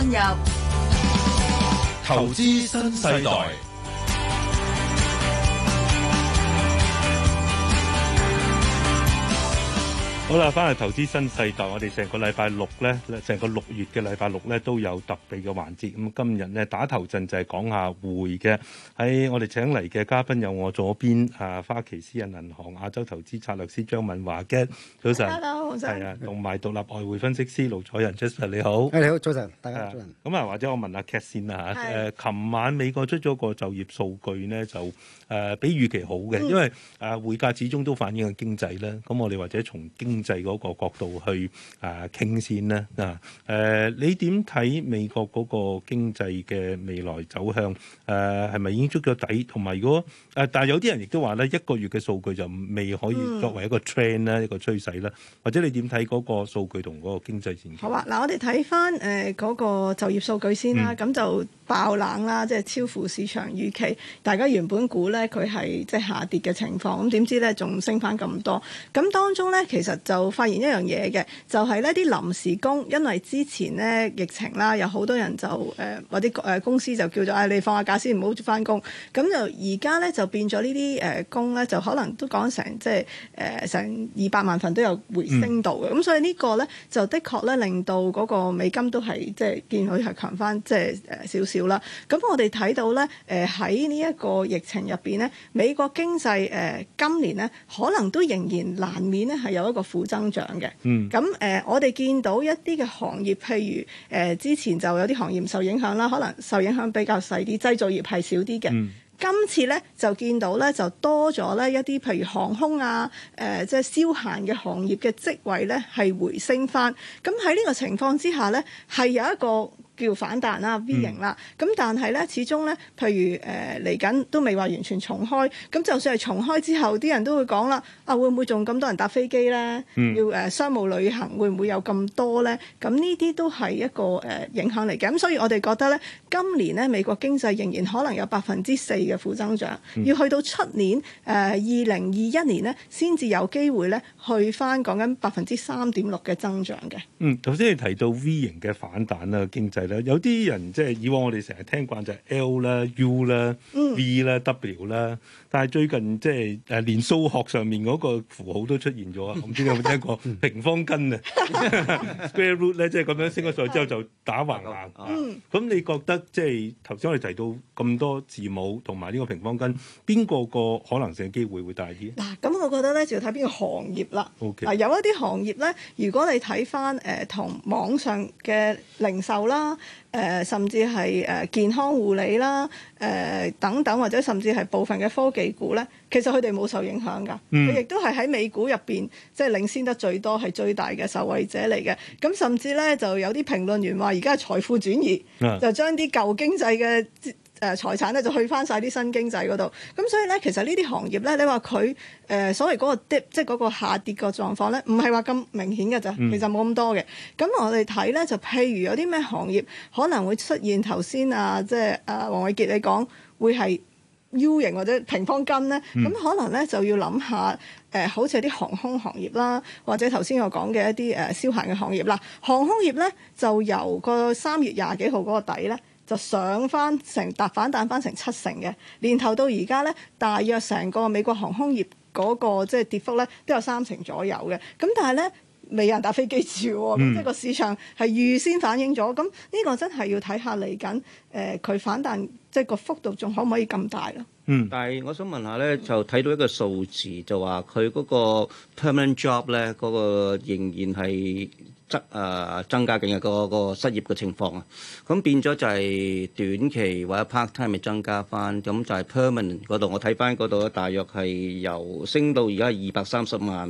進入投資新世代。好啦，翻去投資新世代。我哋成個禮拜六咧，成個六月嘅禮拜六咧都有特別嘅環節。咁今日咧打頭陣就係講下匯嘅。喺、哎、我哋請嚟嘅嘉賓有我左邊啊，花旗私人銀行亞洲投資策略師張敏華嘅早晨，係 Hello, 啊，同埋獨立外匯分析師盧楚仁 Justin 你好，誒你好，早晨，大家早晨。咁啊，或者我問下 Kate 先啦嚇。誒的，琴、啊、晚美國出咗個就業數據呢，就誒、呃、比預期好嘅。嗯、因為誒匯價始終都反映緊經濟咧。咁我哋或者從經制嗰個角度去啊傾先啦啊，誒你點睇美國嗰個經濟嘅未來走向？誒係咪已經觸咗底？同埋如果誒但係有啲人亦都話咧，一個月嘅數據就未可以作為一個 trend 咧，嗯，一個趨勢啦，或者你點睇嗰個數據同嗰個經濟前景好啊。嗱我哋睇翻誒嗰個就業數據先啦，咁、嗯、就爆冷啦，即係超乎市場預期，大家原本估咧佢係即係下跌嘅情況，咁點知咧仲升翻咁多？咁當中咧其實。就就發現一樣嘢嘅，就係呢啲臨時工，因為之前呢疫情啦，有好多人就誒、呃、或者誒公司就叫做誒、哎、你放下假先，唔好翻工。咁就而家呢，就變咗呢啲誒工呢，就可能都講成即係誒成二百萬份都有回升到嘅。咁、嗯、所以呢個呢，就的確呢令到嗰個美金都係即係見佢係強翻，即係誒、呃、少少啦。咁我哋睇到呢，誒喺呢一個疫情入邊呢，美國經濟誒、呃、今年呢，可能都仍然難免呢，係有一個。負增長嘅，咁誒、嗯，我哋見到一啲嘅行業，譬如誒之前就有啲行業受影響啦，可能受影響比較細啲，製造業係少啲嘅。今次呢，就見到呢，就多咗呢一啲，譬如航空啊，誒即係消閒嘅行業嘅職位呢，係回升返。咁喺呢個情況之下呢，係有一個。叫反彈啦 V 型啦，咁、嗯、但係咧，始終咧，譬如誒嚟緊都未話完全重開，咁就算係重開之後，啲人都會講啦，啊會唔會仲咁多人搭飛機咧？嗯、要誒、呃、商務旅行會唔會有咁多咧？咁呢啲都係一個誒、呃、影響嚟嘅。咁、嗯、所以我哋覺得咧，今年咧美國經濟仍然可能有百分之四嘅負增長，嗯、要去到出年誒二零二一年咧，先至有機會咧去翻講緊百分之三點六嘅增長嘅。嗯，頭先你提到 V 型嘅反彈啦，經濟。有啲人即係以往我哋成日聽慣就係、是、L 啦、嗯、U 啦、V 啦、W 啦，但係最近即係誒連數學上面嗰個符號都出現咗啊！唔 知你有冇聽過 平方根啊 ？Square root 咧，即係咁樣升咗上去之後就打橫行。咁的你覺得即係頭先我哋提到咁多字母同埋呢個平方根，邊個個可能性機會會大啲？嗱，咁我覺得咧就要睇邊個行業啦。嗱，Okay. 有一啲行業咧，如果你睇翻誒同網上嘅零售啦。誒、呃，甚至係誒、呃、健康護理啦，誒、呃、等等，或者甚至係部分嘅科技股呢，其實佢哋冇受影響噶，佢亦都係喺美股入邊即係領先得最多，係最大嘅受惠者嚟嘅。咁甚至呢就有啲評論員話而家係財富轉移，就將啲舊經濟嘅誒財產咧就去翻晒啲新經濟嗰度，咁所以咧其實呢啲行業咧，你話佢誒所謂嗰個跌，即係嗰個下跌個狀況咧，唔係話咁明顯嘅咋、嗯、其實冇咁多嘅。咁我哋睇咧就譬如有啲咩行業可能會出現頭先啊，即係啊黃偉傑你講會係 U 型或者平方根咧，咁、嗯、可能咧就要諗下誒，好似有啲航空行業啦，或者頭先我講嘅一啲誒消閒嘅行業啦，航空業咧就由個三月廿幾號嗰個底咧。就上翻成，打反彈翻成七成嘅，年頭到而家呢，大約成個美國航空業嗰、那個即係、就是、跌幅呢都有三成左右嘅。咁但係呢，未有人搭飛機住喎，咁、嗯、即係個市場係預先反映咗。咁、這、呢個真係要睇下嚟緊，誒、呃、佢反彈即係個幅度仲可唔可以咁大咯？嗯，但係我想問下呢，就睇到一個數字，就話佢嗰個 permanent job 呢，嗰個仍然係。增啊！增加緊、那個、個失業嘅情況啊，咁變咗就係短期或者 part time 咪增加翻，咁就係 permanent 嗰度我睇翻嗰度咧，大約係由升到而家二百三十萬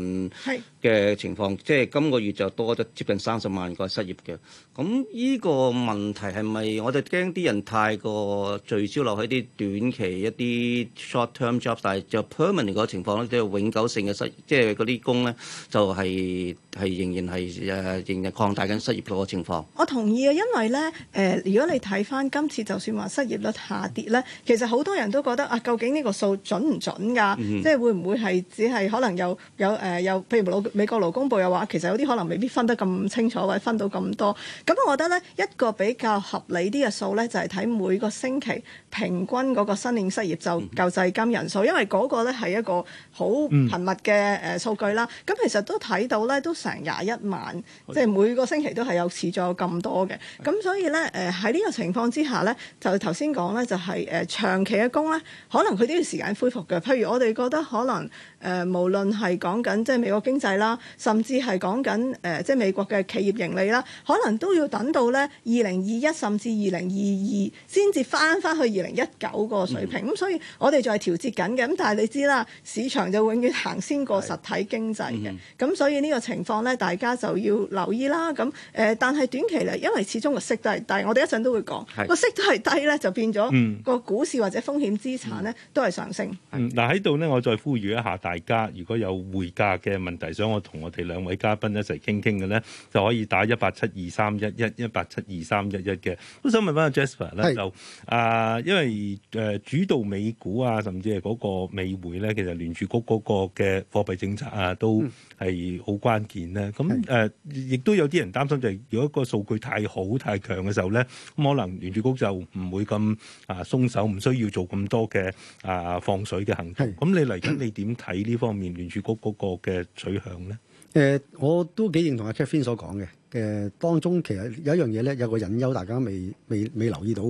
嘅情況，是即係今個月就多咗接近三十萬個失業嘅。咁呢個問題係咪我哋驚啲人太過聚焦落喺啲短期一啲 short term job，但係就 permanent 嗰情況咧，即、就、係、是、永久性嘅失業，即係嗰啲工咧就係、是、係仍然係誒。啊仍然擴大緊失業率嘅情況，我同意啊，因為咧，誒、呃，如果你睇返今次，就算話失業率下跌咧，其實好多人都覺得啊，究竟呢個數準唔準㗎、啊？即係、嗯、哼會唔會係只係可能有有誒？又、呃、譬如老美國勞工部又話，其實有啲可能未必分得咁清楚，或者分到咁多。咁我覺得咧，一個比較合理啲嘅數咧，就係睇每個星期。平均嗰個新領失業就救濟金人數，因為嗰個咧係一個好頻密嘅誒數據啦。咁、嗯、其實都睇到呢都成廿一萬，的即係每個星期都係有持咗咁多嘅。咁的所以呢，誒喺呢個情況之下呢就頭先講呢，就係誒、就是呃、長期嘅工呢，可能佢都要時間恢復嘅。譬如我哋覺得可能。誒、呃，無論係講緊即係美國經濟啦，甚至係講緊誒，即、呃、係、就是、美國嘅企業盈利啦，可能都要等到呢二零二一甚至二零二二先至翻翻去二零一九個水平。咁、嗯嗯、所以我哋仲係調節緊嘅。咁但係你知啦，市場就永遠行先過實體經濟嘅。咁是所以呢個情況呢，大家就要留意啦。咁誒、呃，但係短期嚟，因為始終個息都係低，我哋一陣都會講個是、嗯、息都係低呢，就變咗個股市或者風險資產呢都係上升。嗱喺度呢，嗯、我再呼籲一下大。大家如果有匯價嘅問題，想我同我哋兩位嘉賓一齊傾傾嘅咧，就可以打一八七二三一一一八七二三一一嘅。都想問翻阿 Jasper 咧是，就啊、呃，因為誒、呃、主導美股啊，甚至係嗰個美匯咧，其實聯儲局嗰個嘅貨幣政策啊，都係好關鍵咧。咁誒，亦是、呃、都有啲人擔心就係、是，如果個數據太好太強嘅時候咧，咁可能聯儲局就唔會咁啊鬆手，唔需要做咁多嘅啊放水嘅行動。咁是你嚟緊你點睇？ 呢方面聯儲局嗰個嘅取向咧？誒、呃，我都幾認同阿 Kevin 所講嘅。誒、呃，當中其實有一樣嘢咧，有個隱憂，大家未未未，未留意到，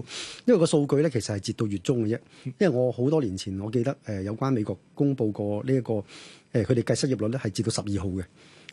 因為個數據咧其實係截到月中嘅啫。因為我好多年前我記得誒、呃、有關美國公布過呢、這、一個誒，佢哋計失業率咧係截到十二號嘅。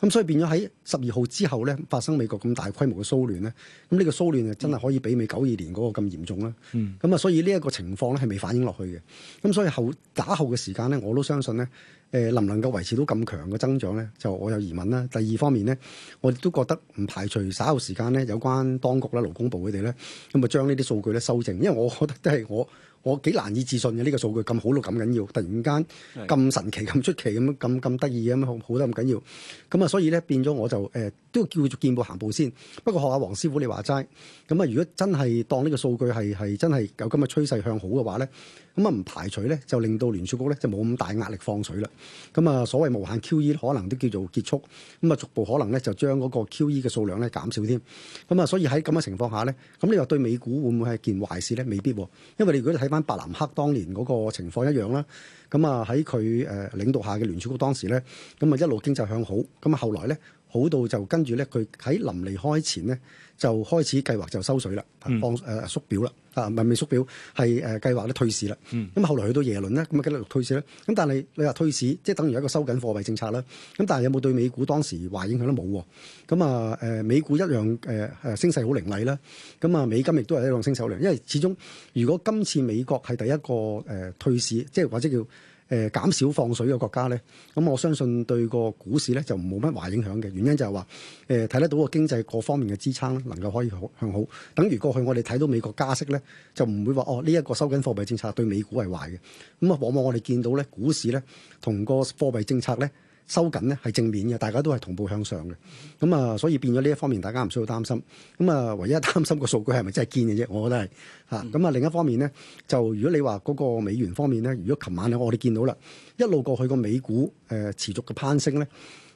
咁所以變咗喺十二號之後咧，發生美國咁大規模嘅騷亂咧，咁呢個騷亂啊，真係可以媲美九二年嗰個咁嚴重啦。咁啊、嗯，所以呢一個情況咧，係未反映落去嘅。咁所以後打後嘅時間咧，我都相信咧，誒能唔能夠維持到咁強嘅增長咧，就我有疑問啦。第二方面咧，我亦都覺得唔排除打後時間咧，有關當局啦、勞工部佢哋咧，咁啊將呢啲數據咧修正，因為我覺得都係我。我幾難以置信嘅呢個數據咁好到咁緊要，突然間咁神奇咁出奇咁咁咁得意咁好得咁緊要，咁啊所以咧變咗我就誒、呃、都叫做見步行步先。不過學下黃師傅你話齋，咁啊如果真係當呢個數據係係真係有咁嘅趨勢向好嘅話咧，咁啊唔排除咧就令到聯儲局咧就冇咁大壓力放水啦。咁啊所謂無限 QE 可能都叫做結束，咁啊逐步可能咧就將嗰個 QE 嘅數量咧減少添。咁啊所以喺咁嘅情況下咧，咁你話對美股會唔會係件壞事咧？未必喎，因為你如果睇。翻白蘭克當年嗰個情況一樣啦，咁啊喺佢誒領導下嘅聯儲局當時咧，咁啊一路經濟向好，咁啊後來咧。好到就跟住咧，佢喺臨離開前咧，就開始計劃就收水啦，嗯、放誒、呃、縮表啦，啊唔係未縮表，係誒、呃、計劃咧退市啦。咁、嗯、後來去到耶倫咧，咁啊繼續退市咧。咁但係你話退市，即係等於一個收緊貨幣政策啦。咁但係有冇對美股當時話影響都冇喎。咁啊誒美股一樣誒誒、呃、升勢好凌厲啦。咁啊美金亦都係一樣升勢好凌厲，因為始終如果今次美國係第一個誒退市，即係或者叫。誒減少放水嘅國家咧，咁我相信對個股市咧就冇乜壞影響嘅，原因就係話誒睇得到個經濟各方面嘅支撐能夠可以向好。等如過去我哋睇到美國加息咧，就唔會話哦呢一個收緊貨幣政策對美股係壞嘅。咁啊，往往我哋見到咧股市咧同個貨幣政策咧。收緊咧係正面嘅，大家都係同步向上嘅，咁啊、嗯，所以變咗呢一方面，大家唔需要擔心。咁啊，唯一擔心個數據係咪真係堅嘅啫？我覺得係嚇。咁、嗯、啊，另一方面咧，就如果你話嗰個美元方面咧，如果琴晚呢我哋見到啦，一路過去個美股誒、呃、持續嘅攀升咧，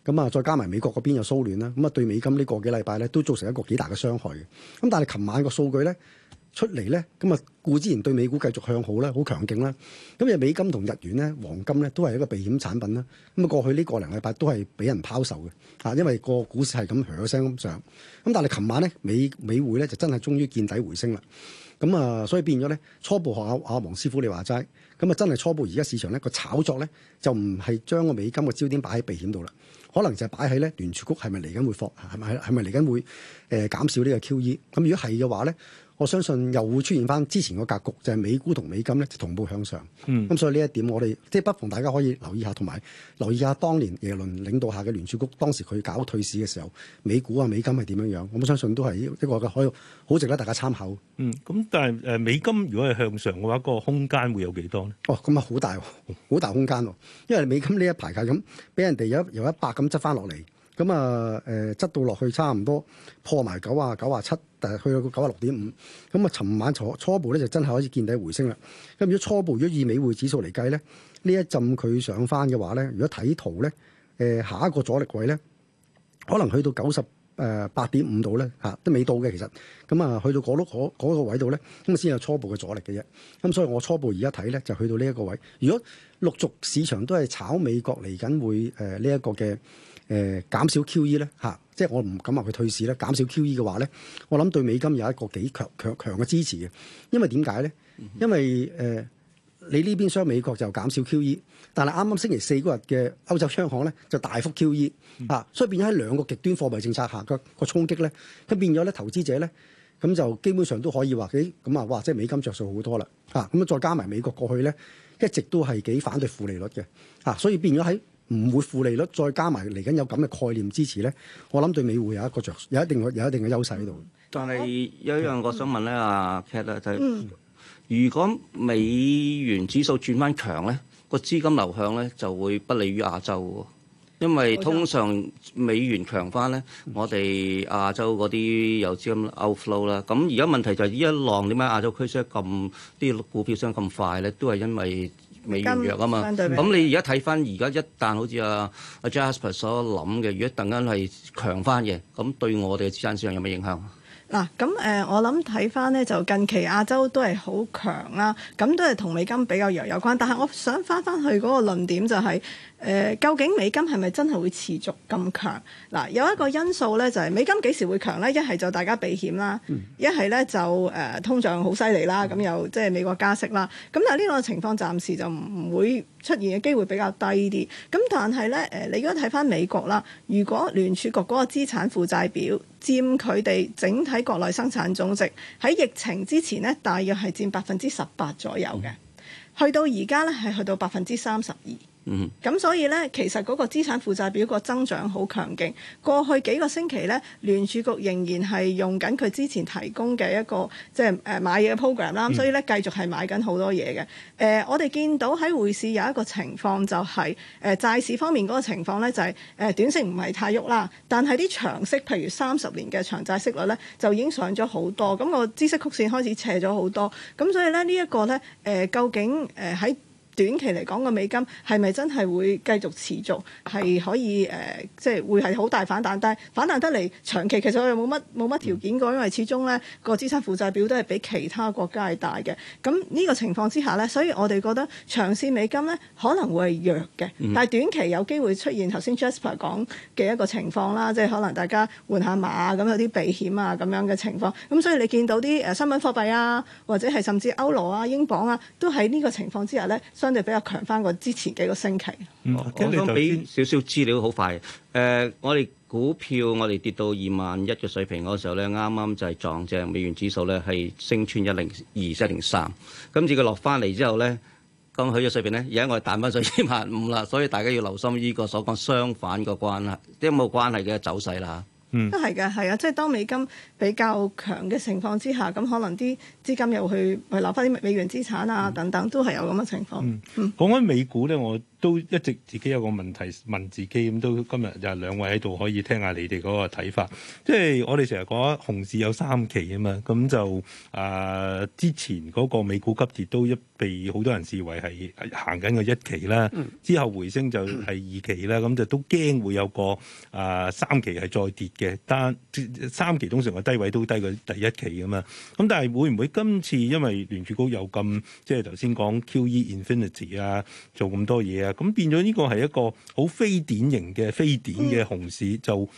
咁啊，再加埋美國嗰邊又騷亂啦，咁啊，對美金呢個幾禮拜咧都造成一個幾大嘅傷害嘅。咁但係琴晚個數據咧。出嚟咧，咁啊，固之然對美股繼續向好啦，好強勁啦。咁又美金同日元咧，黃金咧都係一個避險產品啦。咁啊，過去呢個零禮拜都係俾人拋售嘅啊，因為個股市係咁嘅聲咁上。咁但係琴晚咧，美美匯咧就真係終於見底回升啦。咁啊，所以變咗咧初步學下阿黃師傅你話齋，咁啊真係初步而家市場咧個炒作咧就唔係將個美金個焦點擺喺避險度啦，可能就係擺喺咧聯儲局係咪嚟緊會放係咪係咪嚟緊會誒減少呢個 Q E 咁？如果係嘅話咧。我相信又會出現翻之前個格局，就係、是、美股同美金咧就同步向上。咁、嗯、所以呢一點我，我哋即係不妨大家可以留意下，同埋留意下當年耶倫領導下嘅聯儲局當時佢搞退市嘅時候，美股啊美金係點樣樣。我冇相信都係一個嘅可以好值得大家參考。嗯，咁但係誒美金如果係向上嘅話，個空間會有幾多咧？哦，咁啊好大，好大空間喎！因為美金呢一排價咁俾人哋由由一百咁執翻落嚟。咁啊，誒、嗯，執到落去差唔多破埋九啊九啊七，但係去到個九啊六點五，咁、嗯、啊，尋晚初初步咧就真係開始見底回升啦。咁、嗯、如果初步，如果以美匯指數嚟計咧，呢一陣佢上翻嘅話咧，如果睇圖咧，誒、呃，下一個阻力位咧，可能去到九十誒八點五度咧，嚇、啊、都未到嘅其實。咁、嗯、啊，去到嗰碌嗰個位度咧，咁啊先有初步嘅阻力嘅啫。咁、嗯、所以我初步而家睇咧就去到呢一個位。如果陸續市場都係炒美國嚟緊會誒呢一個嘅。誒減少 QE 咧嚇，即係我唔敢話佢退市咧。減少 QE 嘅、啊 e、話咧，我諗對美金有一個幾強強強嘅支持嘅，因為點解咧？因為誒、呃，你呢邊廂美國就減少 QE，但係啱啱星期四嗰日嘅歐洲央行咧就大幅 QE 嚇、啊，所以變咗喺兩個極端貨幣政策下個、那個衝擊咧，咁變咗咧投資者咧，咁就基本上都可以話誒，咁、欸、啊哇，即係美金着數好多啦嚇，咁啊再加埋美國過去咧一直都係幾反對負利率嘅嚇、啊，所以變咗喺。唔會負利率，再加埋嚟緊有咁嘅概念支持咧，我諗對美會有一個著，有一定嘅有一定嘅優勢喺度。但係有一樣我想問咧，阿 Kate 咧就係、是，嗯，如果美元指數轉翻強咧，個資金流向咧就會不利於亞洲喎，因為通常美元強翻咧，我哋亞洲嗰啲有資金 outflow 啦。咁而家問題就係、是、呢一浪點解亞洲區升咁啲股票升咁快咧？都係因為美元弱啊嘛，咁你而家睇返而家一旦好似阿、啊、阿、啊、Jasper 所諗嘅，如果突然間係強返嘅，咁對我哋嘅資產市場有咩影響？嗱，咁誒、呃，我諗睇翻咧，就近期亞洲都係好強啦，咁都係同美金比較弱有關。但係我想翻翻去嗰個論點就係、是，誒、呃，究竟美金係咪真係會持續咁強？嗱、呃，有一個因素咧就係、是、美金幾時會強咧？一係就大家避險啦，一係咧就誒、是呃、通脹好犀利啦，咁又即係美國加息啦。咁但係呢個情況暫時就唔會。出現嘅機會比較低啲咁，但係呢，誒，你如果睇返美國啦，如果聯儲局嗰個資產負債表佔佢哋整體國內生產總值，喺疫情之前呢，大約係佔百分之十八左右嘅，去到而家呢，係去到百分之三十二。嗯，咁所以咧， 其實嗰個資產負債表個增長好強勁。過去幾個星期咧，聯儲局仍然係用緊佢之前提供嘅一個即係誒買嘢嘅 program 啦，所以咧，繼續係買緊好多嘢嘅。誒、嗯呃，我哋見到喺匯市有一個情況就係、是、誒、呃、債市方面嗰個情況咧、就是，就係誒短息唔係太喐啦，但係啲長息，譬如三十年嘅長債息率咧，就已經上咗好多，咁個孳息曲線開始斜咗好多。咁所以咧呢一個咧誒，究竟誒喺？短期嚟講個美金係咪真係會繼續持續係可以誒、呃，即係會係好大反彈？但係反彈得嚟長期其實佢又冇乜冇乜條件㗎，因為始終咧個資產負債表都係比其他國家係大嘅。咁呢個情況之下咧，所以我哋覺得長線美金咧可能會係弱嘅，但係短期有機會出現頭先 Jasper 講嘅一個情況啦，即係可能大家換下馬咁有啲避險啊咁樣嘅情況。咁所以你見到啲誒新聞貨幣啊，或者係甚至歐羅啊、英鎊啊，都喺呢個情況之下咧，相對比較強翻過之前幾個星期。嗯、我哋俾少少資料好快。誒、呃，我哋股票我哋跌到二萬一嘅水平嗰時候咧，啱啱就係撞正美元指數咧，係升穿一零二、一零三。今次佢落翻嚟之後咧，咁喺咗水平咧，而家我哋彈翻上二萬五啦。所以大家要留心呢個所講相反嘅關係，啲有冇關係嘅走勢啦？嗯，都係嘅，係啊，即係當美金比較強嘅情況之下，咁可能啲。資金又去留翻啲美元資產啊，等等，嗯、都係有咁嘅情況。嗯、講緊美股咧，我都一直自己有個問題問自己咁，都今日就兩位喺度可以聽下你哋嗰個睇法。即係我哋成日講熊市有三期啊嘛，咁就啊之前嗰個美股急跌都一被好多人視為係行緊個一期啦，之後回升就係二期啦，咁、嗯、就都驚會有個啊三期係再跌嘅，但三期通常個低位都低過第一期啊嘛。咁但係會唔會？今次因為聯儲局有咁即係頭先講 QE Infinity 啊，做咁多嘢啊，咁變咗呢個係一個好非典型嘅非典嘅熊市，就誒、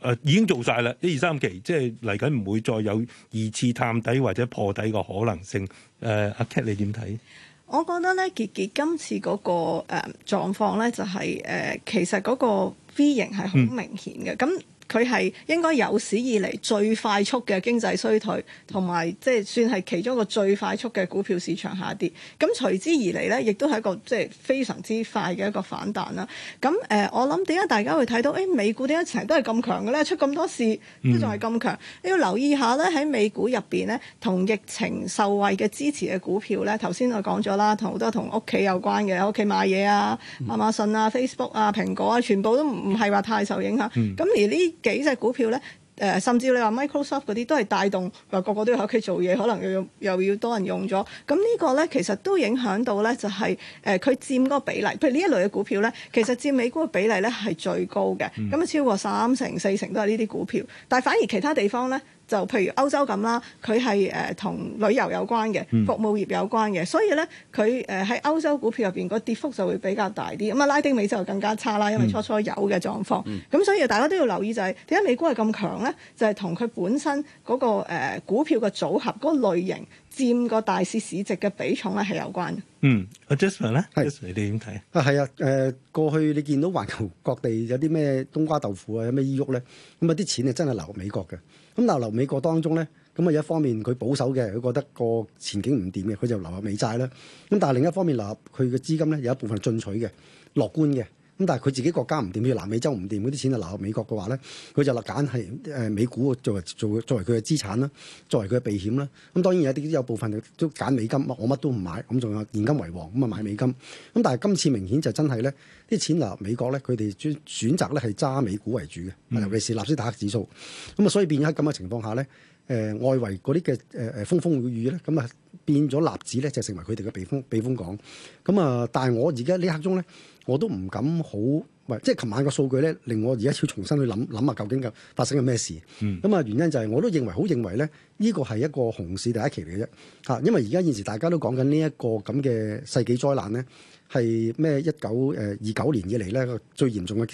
呃、已經做晒啦，一二三期，即係嚟緊唔會再有二次探底或者破底嘅可能性。誒、呃，阿、啊、Kat 你點睇？我覺得咧，傑傑今次嗰、那個誒、呃、狀況咧，就係、是、誒、呃、其實嗰個 V 型係好明顯嘅，咁、嗯。佢係應該有史以嚟最快速嘅經濟衰退，同埋即係算係其中一個最快速嘅股票市場下跌。咁隨之而嚟呢，亦都係一個即係非常之快嘅一個反彈啦。咁誒、呃，我諗點解大家會睇到誒、哎、美股點解成日都係咁強嘅呢？出咁多事都仲係咁強，嗯、你要留意下呢，喺美股入邊呢，同疫情受惠嘅支持嘅股票呢，頭先我講咗啦，同好多同屋企有關嘅，喺屋企買嘢啊，亞馬遜啊、Facebook 啊、蘋果啊，全部都唔係話太受影響。咁、嗯、而呢，幾隻股票咧，誒、呃、甚至你話 Microsoft 嗰啲都係帶動，話、呃、個個都要喺屋企做嘢，可能又要又要多人用咗，咁呢個咧其實都影響到咧，就係誒佢佔嗰個比例，譬如呢一類嘅股票咧，其實佔美股嘅比例咧係最高嘅，咁啊、嗯、超過三成四成都係呢啲股票，但係反而其他地方咧。就譬如歐洲咁啦，佢係誒同旅遊有關嘅，服務業有關嘅，所以咧佢誒喺歐洲股票入邊個跌幅就會比較大啲。咁啊拉丁美洲就更加差啦，因為初初有嘅狀況，咁、嗯、所以大家都要留意就係點解美股係咁強咧？就係同佢本身嗰、嗰個、呃、股票嘅組合嗰、嗰個類型佔個大市市值嘅比重咧係有關嘅。嗯阿 Jason 咧，係 Jason 你點睇啊？係啊，誒、呃，過去你見到環球各地有啲咩冬瓜豆腐啊，有咩依郁咧，咁啊啲錢啊真係流入美國嘅。咁流流美國當中咧，咁啊有一方面佢保守嘅，佢覺得個前景唔掂嘅，佢就流入美債啦。咁但係另一方面流入佢嘅資金咧，有一部分進取嘅，樂觀嘅。但係佢自己國家唔掂，南美洲唔掂，嗰啲錢就流入美國嘅話咧，佢就立揀係誒美股作為做作為佢嘅資產啦，作為佢嘅避險啦。咁當然有啲有部分都揀美金，我乜都唔買，咁仲有現金為王，咁啊買美金。咁但係今次明顯就真係咧，啲錢流入美國咧，佢哋選選擇咧係揸美股為主嘅，尤其是納斯達克指數。咁啊，所以變咗喺咁嘅情況下咧。誒、呃、外圍嗰啲嘅誒誒風風雨雨咧，咁啊變咗立子咧，就是、成為佢哋嘅避風避風港。咁啊，但係我而家呢刻中咧，我都唔敢好，唔、呃、即係琴晚個數據咧，令我而家要重新去諗諗下究竟嘅發生緊咩事。咁啊、嗯，原因就係我都認為好認為咧，呢個係一個熊市第一期嚟嘅啫。嚇，因為而家現時大家都講緊呢一個咁嘅世紀災難咧。係咩？一九誒二九年以嚟咧，最嚴重嘅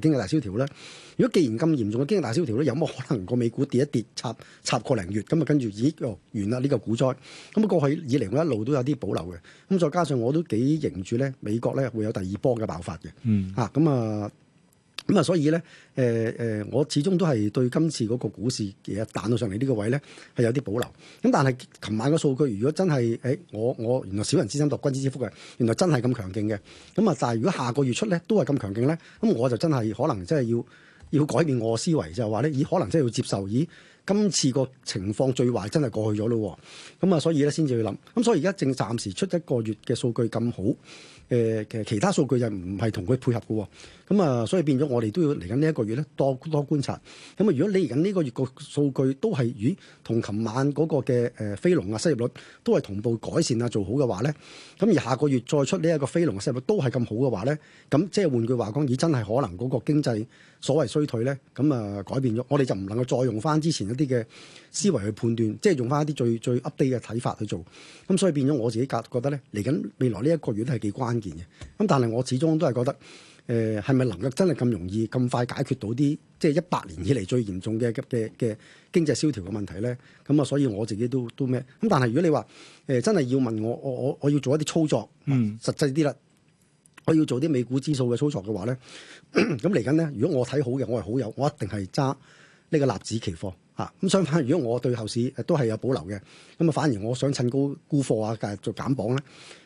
經濟大蕭條咧。如果既然咁嚴重嘅經濟大蕭條咧，有冇可能個美股跌一跌，插插過零月咁啊？跟住咦哦，完啦呢、這個股災。咁啊，過去以嚟我一路都有啲保留嘅。咁再加上我都幾認住咧，美國咧會有第二波嘅爆發嘅、嗯啊。嗯，嚇咁啊！咁啊，所以咧，誒、呃、誒、呃，我始終都係對今次嗰個股市嘢彈到上嚟呢個位咧，係有啲保留。咁但係，琴晚個數據如果真係，誒、哎，我我原來小人之心度君子之腹嘅，原來真係咁強勁嘅。咁啊，但係如果下個月出咧，都係咁強勁咧，咁我就真係可能真係要要改變我嘅思維，就係話咧，咦，可能真係要接受咦。今次個情況最壞真係過去咗咯，咁、嗯、啊，所以咧先至去諗，咁、嗯、所以而家正暫時出一個月嘅數據咁好，其、呃、嘅其他數據又唔係同佢配合嘅，咁、嗯、啊，所以變咗我哋都要嚟緊呢一個月咧多多觀察。咁、嗯、啊，如果你嚟緊呢個月個數據都係與同琴晚嗰個嘅誒非農啊失業率都係同步改善啊做好嘅話咧，咁、嗯、而下個月再出呢一個非農嘅失業率都係咁好嘅話咧，咁、嗯、即係換句話講，以真係可能嗰個經濟所謂衰退咧，咁、嗯、啊改變咗，我哋就唔能夠再用翻之前。啲嘅思維去判斷，即係用翻一啲最最 update 嘅睇法去做，咁所以變咗我自己覺覺得咧，嚟緊未來呢一個月都係幾關鍵嘅。咁但係我始終都係覺得，誒係咪能夠真係咁容易咁快解決到啲即係一百、就是、年以嚟最嚴重嘅嘅嘅經濟蕭條嘅問題咧？咁啊，所以我自己都都咩？咁但係如果你話誒、呃、真係要問我我我我要做一啲操作，嗯、實際啲啦，我要做啲美股指數嘅操作嘅話咧，咁嚟緊咧，如果我睇好嘅，我係好友，我一定係揸呢個納指期貨。咁相反，如果我對後市都係有保留嘅，咁啊反而我想趁高沽貨啊，繼續減磅咧。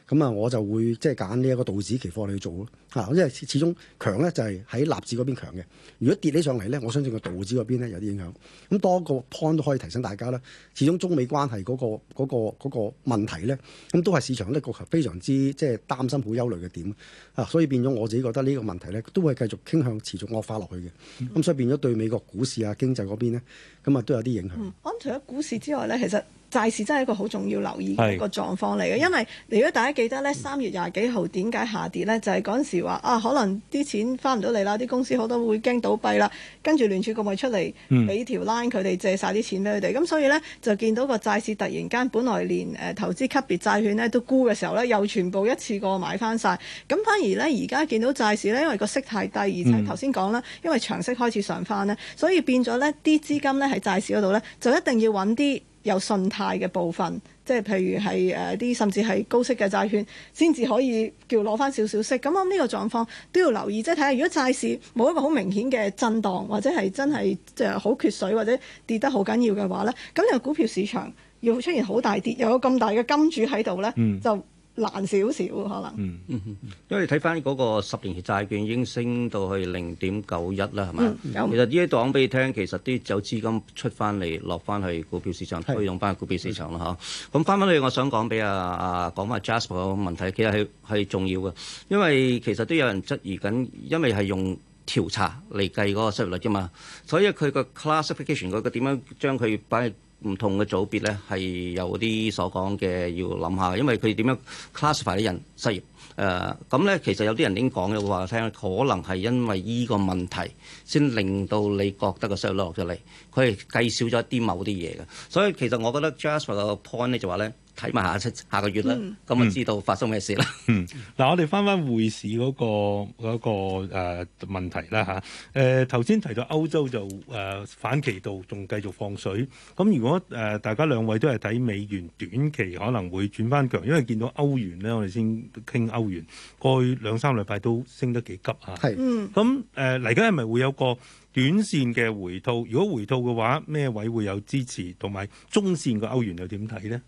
咁啊，我就會即係揀呢一個道指期貨去做咯，嚇、啊，因為始終強咧就係喺納指嗰邊強嘅。如果跌起上嚟咧，我相信個道指嗰邊咧有啲影響。咁多個 point 都可以提醒大家啦，始終中美關係嗰、那個嗰、那個嗰、那個、問題咧，咁都係市場咧個非常之即係、就是、擔心、好憂慮嘅點啊。所以變咗我自己覺得呢個問題咧，都會繼續傾向持續惡化落去嘅。咁、mm hmm. 啊、所以變咗對美國股市啊、經濟嗰邊咧，咁啊都有啲影響。Mm hmm. 安除咗股市之外咧，其實債市真係一個好重要留意嘅一個狀況嚟嘅，是因為如果大家記得呢，三月廿幾號點解下跌呢？就係嗰陣時話啊，可能啲錢翻唔到嚟啦，啲公司好多會驚倒閉啦，跟住聯儲局咪出嚟俾條 line 佢哋借晒啲錢俾佢哋，咁、嗯、所以呢，就見到個債市突然間本來連、呃、投資級別債券呢都沽嘅時候呢，又全部一次過買翻晒咁，反而呢，而家見到債市呢，因為個息太低，而且頭先講啦，因為長息開始上翻呢，嗯、所以變咗呢啲資金呢，喺債市嗰度呢，就一定要揾啲。有信貸嘅部分，即係譬如係誒啲甚至係高息嘅債券，先至可以叫攞翻少少息。咁我呢個狀況都要留意，即係睇下如果債市冇一個好明顯嘅震盪，或者係真係就好缺水，或者跌得好緊要嘅話呢，咁就股票市場要出現好大跌，又有咁大嘅金主喺度呢。嗯、就。難少少可能，嗯嗯嗯、因為睇翻嗰個十年債券已經升到去零點九一啦，係嘛？嗯、有其實呢一檔俾你聽，其實啲走資金出翻嚟落翻去股票市場，是推動翻股票市場咯，嗬是。咁翻返去，我想講俾阿阿、啊、講返阿 Jasper 個問題，其實係係重要嘅，因為其實都有人質疑緊，因為係用調查嚟計嗰個失業率啫嘛，所以佢個 classification 嗰個點樣將佢擺。唔同嘅組別咧，係有啲所講嘅要諗下，因為佢點樣 classify 啲人失業？誒、呃，咁咧其實有啲人已經講咗話聽，可能係因為依個問題，先令到你覺得個失落咗嚟。佢係計少咗一啲某啲嘢嘅，所以其實我覺得 Jasper 嘅 point 咧就話咧。睇埋下出下個月啦，咁啊、嗯、知道發生咩事啦。嗱、嗯嗯嗯，我哋翻翻匯市嗰、那個嗰、那個誒、呃、問題啦嚇。誒頭先提到歐洲就誒、呃、反其道，仲繼續放水，咁如果誒、呃、大家兩位都係睇美元短期可能會轉翻強，因為見到歐元咧，我哋先傾歐元過去兩三個禮拜都升得幾急啊。係的，咁誒嚟緊係咪會有個短線嘅回吐？如果回吐嘅話，咩位會有支持？同埋中線個歐元又點睇呢？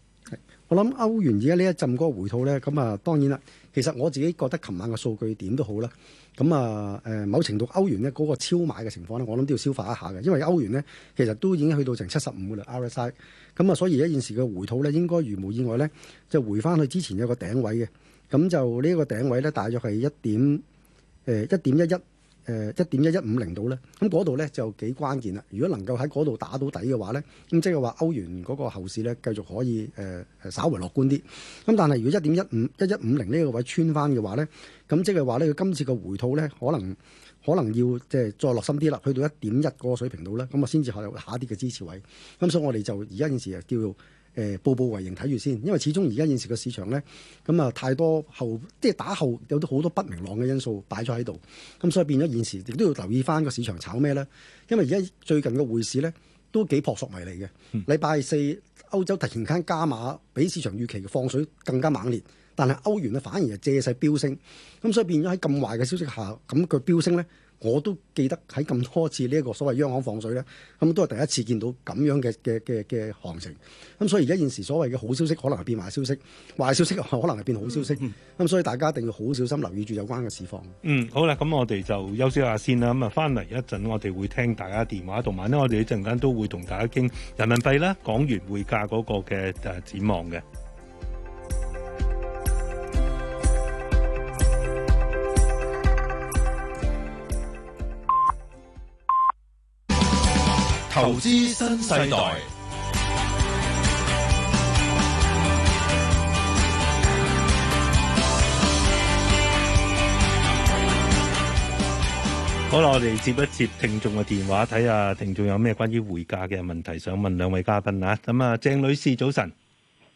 我諗歐元而家呢一陣嗰回吐咧，咁啊當然啦，其實我自己覺得琴晚嘅數據點都好啦，咁啊誒某程度歐元呢嗰個超買嘅情況呢，我諗都要消化一下嘅，因為歐元呢其實都已經去到成七十五嘅 RSI，咁啊所以而家現時嘅回吐咧應該如無意外咧，就回翻去之前有個頂位嘅，咁就呢個頂位咧大約係一點誒一點一一。誒一點一一五零度咧，咁嗰度咧就幾關鍵啦。如果能夠喺嗰度打到底嘅話咧，咁即係話歐元嗰個後市咧繼續可以誒誒、呃、稍為樂觀啲。咁但係如果一點一五一一五零呢個位穿翻嘅話咧，咁即係話呢，佢今次嘅回吐咧可能可能要即係再落深啲啦，去到一點一嗰個水平度咧，咁啊先至有下一啲嘅支持位。咁所以我哋就而家件事啊叫做誒步步為營，睇住先，因為始終而家現時嘅市場咧咁啊太多後即係打後有啲好多不明朗嘅因素擺咗喺度，咁所以變咗現時亦都要留意翻個市場炒咩咧？因為而家最近個匯市咧都幾撲朔迷離嘅，禮拜四歐洲突然間加碼，比市場預期嘅放水更加猛烈，但係歐元咧反而係借勢飆升，咁所以變咗喺咁壞嘅消息下，咁佢飆升咧。我都記得喺咁多次呢一個所謂央行放水呢，咁、嗯、都係第一次見到咁樣嘅嘅嘅嘅行情。咁、嗯、所以而家現時所謂嘅好消息可能係變壞消息，壞消息可能係變好消息。咁、嗯、所以大家一定要好小心留意住有關嘅市況。嗯，好啦，咁我哋就休息下先啦。咁、嗯、啊，翻嚟一陣，我哋會聽大家電話，同埋呢，我哋一陣間都會同大家傾人民幣啦、港元匯價嗰個嘅展望嘅。投資新世代，好啦，我哋接一接聽眾嘅電話，睇下聽眾有咩關於匯價嘅問題想問兩位嘉賓啊。咁啊，鄭女士，早晨。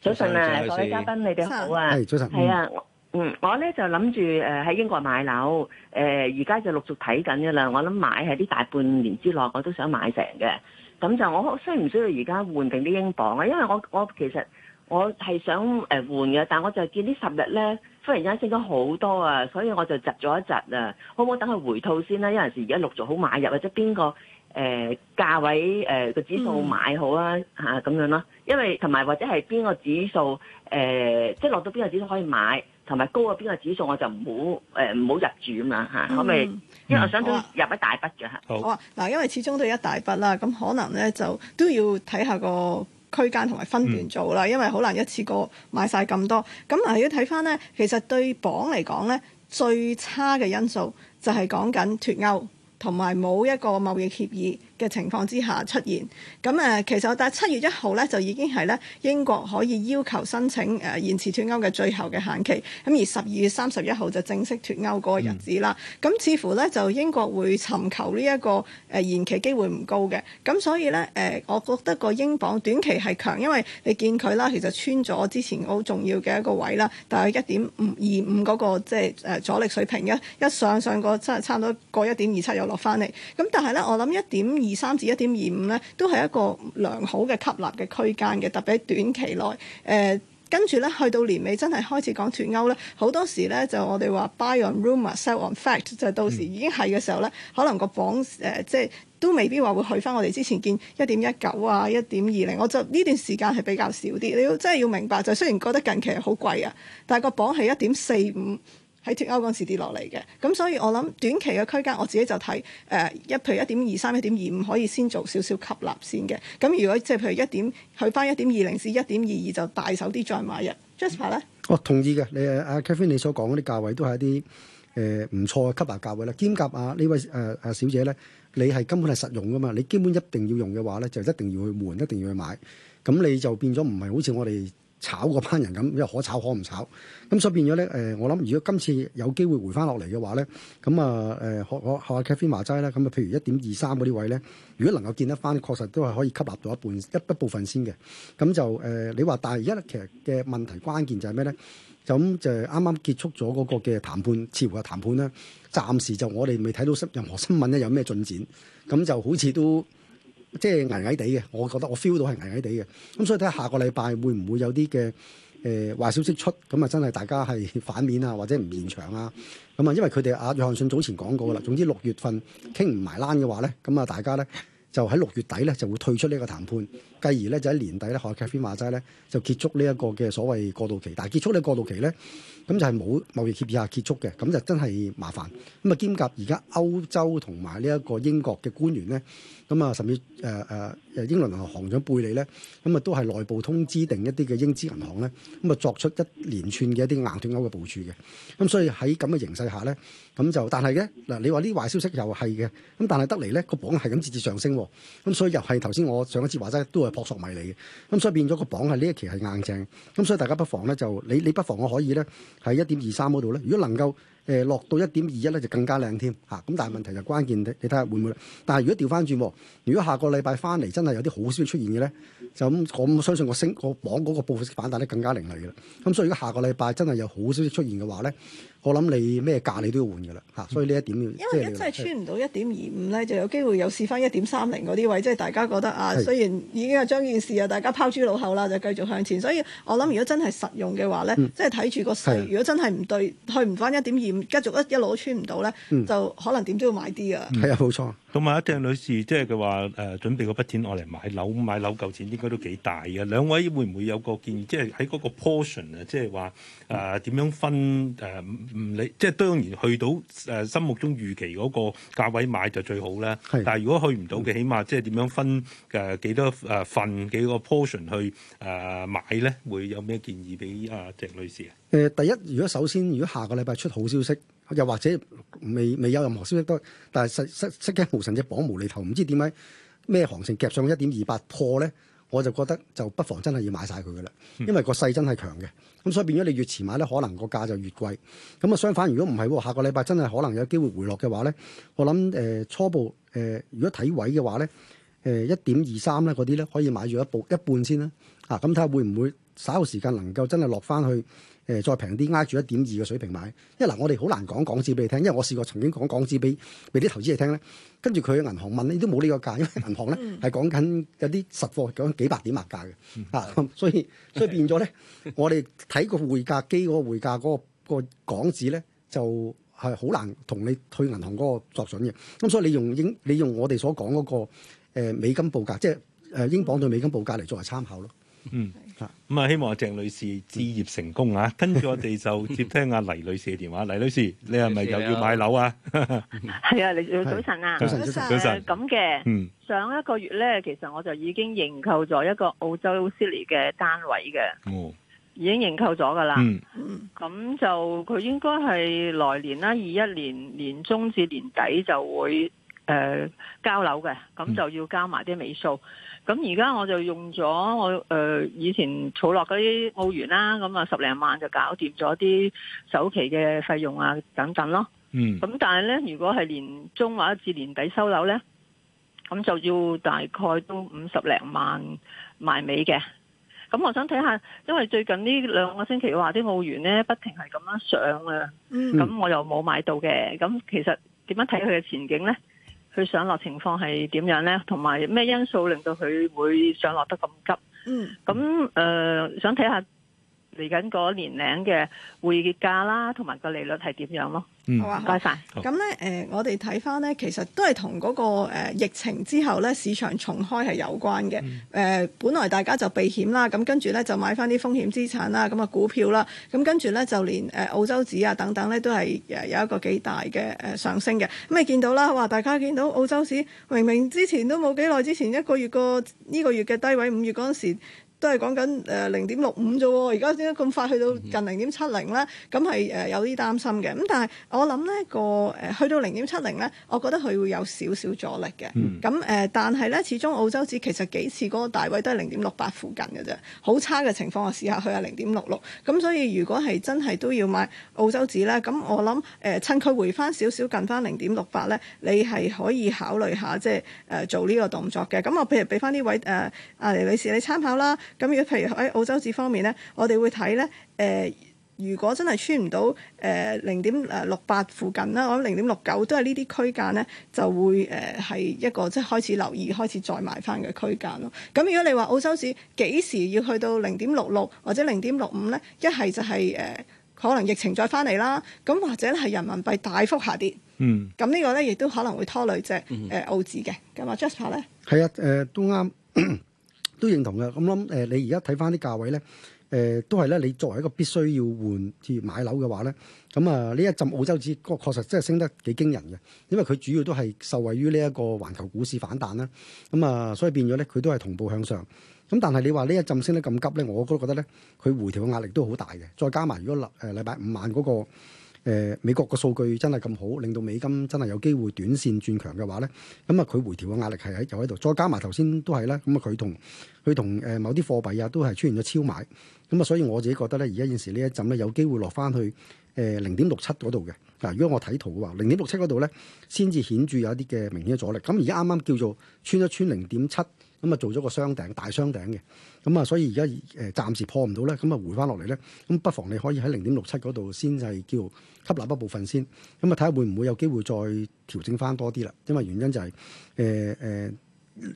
早晨啊，各位嘉賓你哋好啊，係早晨，係啊。嗯，我咧就諗住誒喺英國買樓，誒而家就陸續睇緊嘅啦。我諗買喺啲大半年之內，我都想買成嘅。咁就我需唔需要而家換定啲英鎊啊？因為我我其實我係想誒、呃、換嘅，但我就見呢十日咧忽然間升咗好多啊，所以我就窒咗一窒啊。可唔可以等佢回套先咧、啊？有陣時而家陸續好買入，或者邊個誒、呃、價位誒個指數買好啊嚇咁、嗯啊、樣咯。因為同埋或者係邊個指數誒、呃，即係落到邊個指數可以買？同埋高啊，邊個指數我就唔好誒唔好入住啊嘛嚇，我咪、嗯、因為我想入一大筆嘅嚇、啊。好啊，嗱，因為始終都一大筆啦，咁可能咧就都要睇下個區間同埋分段做啦，嗯、因為好難一次過買晒咁多。咁嗱要睇翻咧，其實對榜嚟講咧，最差嘅因素就係講緊脱歐同埋冇一個貿易協議。嘅情況之下出現，咁誒其實但係七月一號咧就已經係咧英國可以要求申請誒延遲脱歐嘅最後嘅限期，咁而十二月三十一號就正式脱歐嗰個日子啦。咁、嗯、似乎咧就英國會尋求呢一個誒延期機會唔高嘅，咁所以咧誒我覺得個英鎊短期係強，因為你見佢啦，其實穿咗之前好重要嘅一個位啦，大概一點五二五嗰個即係誒阻力水平嘅一上上個差差唔多過一點二七又落翻嚟，咁但係咧我諗一點二。二三至一點二五咧，都係一個良好嘅吸納嘅區間嘅，特別喺短期內。誒、呃，跟住咧，去到年尾真係開始講脱歐咧，好多時咧就我哋話 buy on rumour，sell on fact，就到時已經係嘅時候咧，可能個鎊誒、呃、即係都未必話會去返我哋之前見一點一九啊、一點二零。我就呢段時間係比較少啲，你要真係要明白就，雖然覺得近期係好貴啊，但係個鎊係一點四五。喺脱歐嗰時跌落嚟嘅，咁所以我諗短期嘅區間，我自己就睇誒一譬如一點二三、一點二五可以先做少少吸納先嘅。咁如果即係譬如一點去翻一點二零至一點二二，就大手啲再買入。Jasper 咧，哦同意嘅，你啊啊 Catherine 你所講嗰啲價位都係一啲誒唔錯嘅吸納價位咧。兼夾啊呢位誒誒、啊啊、小姐咧，你係根本係實用噶嘛？你基本一定要用嘅話咧，就一定要去換，一定要去買。咁你就變咗唔係好似我哋。炒嗰班人咁又可炒可唔炒，咁所以變咗咧誒，我諗如果今次有機會回翻落嚟嘅話咧，咁啊誒學學學阿 Cathy 話齋咧，咁啊譬如一點二三嗰啲位咧，如果能夠見得翻，確實都係可以吸納到一半一一部分先嘅，咁就誒你話但係而家咧，其實嘅問題關鍵呢就係咩咧？咁就啱啱結束咗嗰個嘅談判，似乎嘅談判咧，暫時就我哋未睇到任何新聞咧，有咩進展，咁就好似都。即係危危地嘅，我覺得我 feel 到係危危地嘅，咁、嗯、所以睇下下個禮拜會唔會有啲嘅誒壞消息出，咁啊真係大家係反面啊，或者唔現場啊，咁、嗯、啊，因為佢哋阿約翰遜早前講過噶啦，總之六月份傾唔埋欄嘅話咧，咁啊大家咧就喺六月底咧就會退出呢個談判。繼而咧就喺年底咧，韓劇片話齋咧就結束呢一個嘅所謂過渡期。但係結束呢過渡期咧，咁就係冇貿易協議下結束嘅，咁就真係麻煩。咁啊，兼夾而家歐洲同埋呢一個英國嘅官員咧，咁啊，甚至誒誒誒英倫銀行行長貝利咧，咁啊都係內部通知定一啲嘅英資銀行咧，咁啊作出一連串嘅一啲硬斷歐嘅部署嘅。咁所以喺咁嘅形勢下咧，咁就但係咧嗱，你話呢壞消息又係嘅，咁但係得嚟咧個鎊係咁節節上升喎。咁所以又係頭先我上一次話齋都係。撲朔迷離嘅，咁所以變咗個榜係呢一期係硬淨，咁所以大家不妨咧就，你你不妨我可以咧喺一點二三嗰度咧，如果能夠。誒落到一點二一咧就更加靚添嚇，咁但係問題就關鍵，你你睇下會唔會？但係如果調翻轉，如果下個禮拜翻嚟真係有啲好消息出現嘅咧，就咁我相信我升我個升個榜嗰個報復式反彈咧更加凌厲嘅啦。咁所以如果下個禮拜真係有好消息出現嘅話咧，我諗你咩價你都要換嘅啦嚇。所以呢一點要因為一真係穿唔到一點二五咧，就有機會有試翻一點三零嗰啲位，即、就、係、是、大家覺得啊，是雖然已經係將件事啊，大家拋諸腦後啦，就繼續向前。所以我諗如果真係實用嘅話咧，嗯、即係睇住個勢。的如果真係唔對，去唔翻一點二。繼續一一路都穿唔到咧，嗯，就可能點都要買啲啊！係啊，冇錯。同埋阿鄭女士，即係佢話誒準備嗰筆錢嚟買樓，買樓夠錢應該都幾大嘅。兩位會唔會有個建議？即係喺嗰個 portion 啊、呃呃，即係話誒點樣分誒唔理，即係當然去到誒、呃、心目中預期嗰個價位買就最好啦。但係如果去唔到嘅，嗯、起碼即係點樣分誒、呃、幾多誒份幾個 portion 去誒、呃、買咧？會有咩建議俾阿鄭女士啊？誒、呃，第一，如果首先如果下個禮拜出好消息。又或者未未有任何消息都，但係失失失驚無神只綁無厘頭，唔知點解咩行情夾上一點二八破咧？我就覺得就不妨真係要買晒佢嘅啦，因為個勢真係強嘅。咁所以變咗你越遲買咧，可能個價就越貴。咁啊相反，如果唔係喎，下個禮拜真係可能有機會回落嘅話咧，我諗誒、呃、初步誒、呃、如果睇位嘅話咧，誒一點二三咧嗰啲咧可以買住一部一半先啦。啊咁睇下會唔會稍後時間能夠真係落翻去。誒再平啲，挨住一點二嘅水平買，因為嗱我哋好難講港紙俾你聽，因為我試過曾經講港紙俾俾啲投資者聽咧，跟住佢銀行問咧都冇呢個價，因為銀行咧係講緊有啲實貨講幾百點孖價嘅， 啊咁所以所以變咗咧，我哋睇個匯價機嗰個匯價嗰、嗰個嗰個港紙咧就係、係、好難同你去銀行嗰個作準嘅，咁所以你用英你用我哋所講嗰個美金報價，即係誒英鎊對美金報價嚟作為參考咯。嗯，咁、嗯、啊，希望鄭女士置業成功啊！跟住我哋就接聽阿黎女士嘅電話， 黎女士，你係咪又要買樓啊？係 啊，你早晨啊，早晨早晨咁嘅，晨啊、嗯，上一個月咧，其實我就已經認購咗一個澳洲悉尼嘅單位嘅，哦，已經認購咗噶啦，咁、嗯、就佢應該係來年啦，二一年年中至年底就會誒、呃、交樓嘅，咁就要交埋啲尾數。咁而家我就用咗我誒、呃、以前儲落嗰啲澳元啦，咁、嗯、啊、嗯、十零萬就搞掂咗啲首期嘅費用啊等等咯。嗯。咁但係咧，如果係年中或者至年底收樓咧，咁就要大概都五十零萬埋尾嘅。咁我想睇下，因為最近呢兩個星期嘅話啲澳元咧不停係咁樣上啊。嗯。咁我又冇買到嘅。咁其實點樣睇佢嘅前景咧？佢上落情況係點樣咧？同埋咩因素令到佢會上落得咁急？嗯，咁呃，想睇下。嚟緊嗰年零嘅匯價啦，同埋個利率係點樣咯？嗯、bye bye 好啊，唔該曬。咁咧，誒我哋睇翻咧，其實都係同嗰個疫情之後咧，市場重開係有關嘅。誒、嗯，本來大家就避險啦，咁跟住咧就買翻啲風險資產啦，咁啊股票啦，咁跟住咧就連誒澳洲指啊等等咧都係誒有一個幾大嘅誒上升嘅。咁你見到啦，話，大家見到澳洲市明明之前都冇幾耐，之前一個月個呢個月嘅低位，五月嗰陣時。都係講緊誒零點六五啫喎，而家點解咁快去到近零點七零咧？咁係誒有啲擔心嘅。咁但係我諗呢個誒去到零點七零咧，我覺得佢會有少少阻力嘅。咁誒、嗯，但係咧始終澳洲紙其實幾次嗰個大位都係零點六八附近嘅啫，好差嘅情況我試下去下零點六六。咁所以如果係真係都要買澳洲紙咧，咁我諗誒趁佢回翻少少近翻零點六八咧，你係可以考慮下即係誒做呢個動作嘅。咁我譬如俾翻呢位誒阿女士你參考啦。咁如果譬如喺澳洲紙方面咧，我哋會睇咧，誒、呃、如果真係穿唔到誒零點誒六八附近啦，我諗零點六九都係呢啲區間咧，就會誒係、呃、一個即係開始留意、開始再買翻嘅區間咯。咁如果你話澳洲紙幾時要去到零點六六或者零點六五咧，一係就係、是、誒、呃、可能疫情再翻嚟啦，咁或者係人民幣大幅下跌，嗯，咁呢個咧亦都可能會拖累隻誒、呃、澳紙嘅。咁啊，Jasper 咧，係啊，誒、呃、都啱。 都認同嘅，咁諗誒，你而家睇翻啲價位咧，誒、嗯、都係咧，你作為一個必須要換，譬如買樓嘅話咧，咁啊呢一陣澳洲指確確實真係升得幾驚人嘅，因為佢主要都係受惠於呢一個環球股市反彈啦，咁、嗯、啊所以變咗咧佢都係同步向上，咁、嗯、但係你話呢一陣升得咁急咧，我都覺得咧佢回調嘅壓力都好大嘅，再加埋如果禮誒禮拜五晚嗰、那個。誒、呃、美國個數據真係咁好，令到美金真係有機會短線轉強嘅話咧，咁啊佢回調嘅壓力係喺又喺度，再加埋頭先都係啦，咁啊佢同佢同誒、呃、某啲貨幣啊都係出現咗超買，咁啊所以我自己覺得咧，而家現時呢一陣咧有機會落翻去誒零點六七嗰度嘅，啊、呃、如果我睇圖嘅話，零點六七嗰度咧先至顯著有一啲嘅明顯嘅阻力，咁而家啱啱叫做穿一穿零點七，咁啊做咗個雙頂大雙頂嘅。咁啊、嗯，所以而家誒暫時破唔到咧，咁、嗯、啊回翻落嚟咧，咁、嗯、不妨你可以喺零點六七嗰度先就係叫吸納一部分先，咁啊睇下會唔會有機會再調整翻多啲啦，因為原因就係誒誒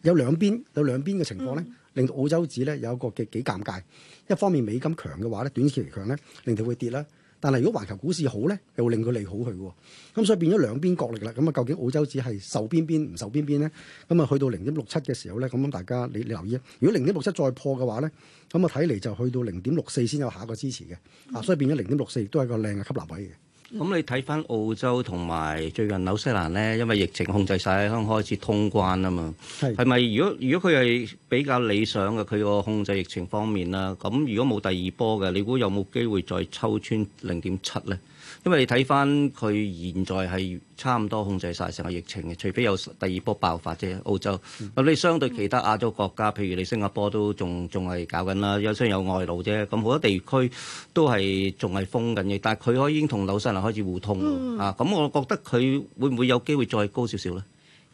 有兩邊有兩邊嘅情況咧，令到澳洲紙咧有一個幾幾尷尬，一方面美金強嘅話咧，短期強咧，令到會跌啦。但係如果環球股市好咧，又會令佢利好佢喎、哦，咁所以變咗兩邊角力啦。咁啊，究竟澳洲指係受邊邊唔受邊邊咧？咁啊，去到零點六七嘅時候咧，咁樣大家你你留意啊。如果零點六七再破嘅話咧，咁啊睇嚟就去到零點六四先有下一個支持嘅。嗯、啊，所以變咗零點六四亦都係個靚嘅吸納位嘅。咁你睇翻澳洲同埋最近紐西蘭咧，因為疫情控制晒，曬，開始通關啊嘛。係咪是如果如果佢係比較理想嘅，佢個控制疫情方面啦，咁如果冇第二波嘅，你估有冇機會再抽穿零點七咧？因為你睇翻佢現在係差唔多控制晒成個疫情嘅，除非有第二波爆發啫。澳洲咁你、嗯、相對其他亞洲國家，譬如你新加坡都仲仲係搞緊啦，有雖然有外勞啫。咁好多地區都係仲係封緊嘅，但係佢可以同紐西蘭開始互通、嗯、啊。咁我覺得佢會唔會有機會再高少少咧？